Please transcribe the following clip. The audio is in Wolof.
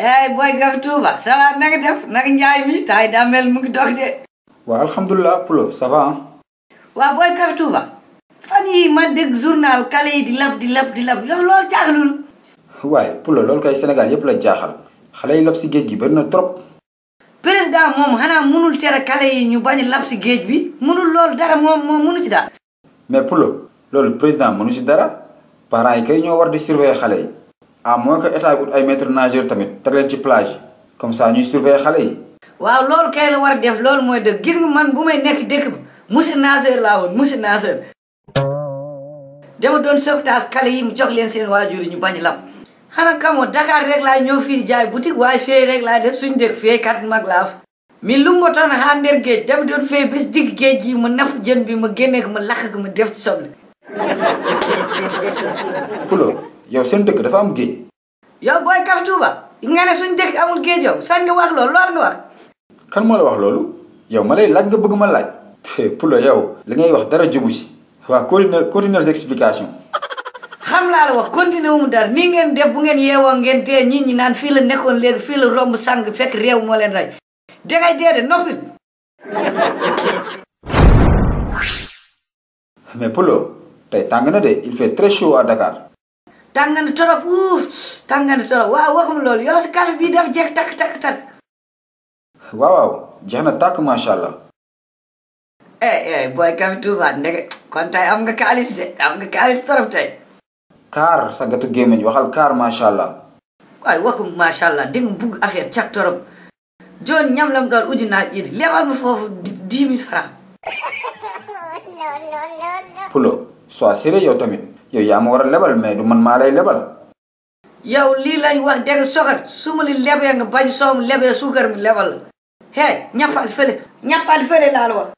hey booy gaf Touba ça va naka def naka njaay mi taay daa mel mu ngi doog de. waaw alhamdulilah Poulo ça va. waaw booy gaf Touba. fan yi ma dégg journal kale yi di lab di lab di lab yow loolu jaaxalul. waaye Poulo loolu kay Sénégal yëpp la jaaxal xale yi lab si géej gi bari na trop. président moom xanaa munul tere kale yi ñu bañ lab si géej bi munul loolu dara moom moom munu ci daal. mais Poulo loolu président mënu si dara parents yi kay ñoo war di surveiller xale yi. à moins ko état bi ay maître nageur tamit teg leen ci plage comme ça ñuy surveiller xale yi. waaw loolu kay war def loolu mooy dëgg gis nga man bu may nekk dëkk bi monsieur nageur laa woon monsieur nageur. dama doon sauvetage xale yi mu jox leen seen waajur ñu bañ lab xanaa kamoo Dakar rek laa ñëw fii jaay boutique waaye fee rek laa def suñu dëkk fee kat mag laa fa mi lungo toon xaa nder géej dama doon fee bés digg géej gi ma napp jën bi ma génne ko ma lakk ko ma def ci soble poulo yow seen dëkk dafa am géej. yow booy Kaf Touba nga ne suñ dëkk amul géej yow sañ nga wax loolu lool nga wax. kan moo la wax loolu yow ma lay laaj nga bëgg ma laaj. te Pulo yow. li ngay wax dara jubu si. waaw continuer continuer explication. xam laa la wax continuer wu mu dara nii ngeen def bu ngeen yeewoo ngeen tee ñit ñi naan fii la nekkoon léegi fii la romb sang fekk réew moo leen rey dangay dee de noppil mais Pulo tay tangana de il fait très chaud à dakar tangana torof ouf tangana wa wa xam lool yo sa café bi def jek tak tak tak wa wa jehna tak ma allah eh eh boy tu ba ne kon tay am nga kalis de am nga kalis torof tay kar gatu gemeñ waxal kar machallah ma sha allah ding bug affaire cak torof jon ñam lam dool udina ir lebal ma fofu 10000 francs pulo soo assuré yow tamit yow yaa ma war a lebal mais du man maa lay lebal. yow lii lañ wax dégg soxat su ma li lebee nga bañ soo mu lebee suukar mi lebal la. hey ñappal fële ñappal fële laa la wax.